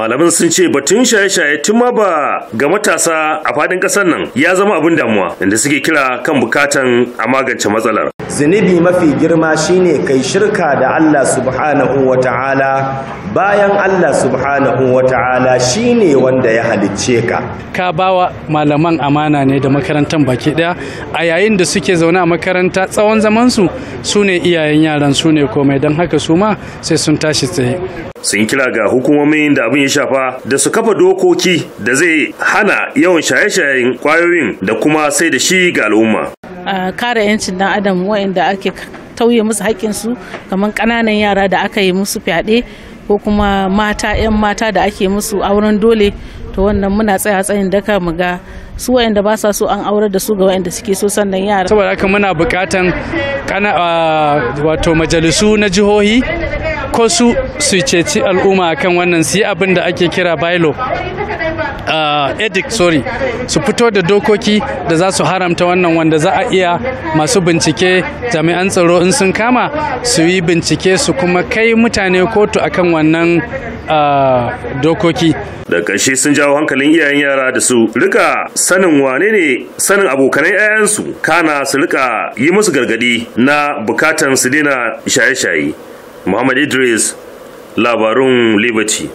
malaman sun ce batun shaye-shaye tun ma ba ga matasa a fadin kasar nan ya zama abin damuwa inda suke kira kan bukatan a magance matsalar zunubi mafi girma shine kai shirka da Allah subhanahu wa ta'ala bayan Allah subhanahu wa ta'ala shine wanda ya halicce ka ka bawa malaman amana ne da makarantar baki daya a yayin da suke zaune a makaranta tsawon zamansu su ne iyayen yaran su ne komai don haka su ma sai sun tashi tsaye sun kira ga hukumomin da abin ya shafa da su kafa dokoki da zai hana yawan shaye-shayen kwayoyin da kuma sai da shi ga al'umma kare 'yancin dan adam wa'inda ake tauye musu su kamar ƙananan yara da aka yi musu fyaɗe ko kuma mata 'yan mata da ake musu auren dole to wannan muna tsaya tsayin daka mu ga su wayanda ba sa so an aurar da su ga wayanda suke so sannan yara saboda haka muna buƙatan wato majalisu na jihohi ko su su ceci al'umma kan wannan su yi abin da ake kira bailo uh, ah, edict sorry su fito da dokoki da za su haramta wannan wanda za a iya masu bincike jami'an tsaro in sun kama su yi bincike su kuma kai mutane kotu akan wannan uh, dokoki da ƙarshe sun jawo hankalin iyayen yara da su rika sanin wane ne sanin abokanai 'ya'yansu kana su rika yi musu gargadi na bukatan su dina shaye-shaye muhammad idris labarun liberty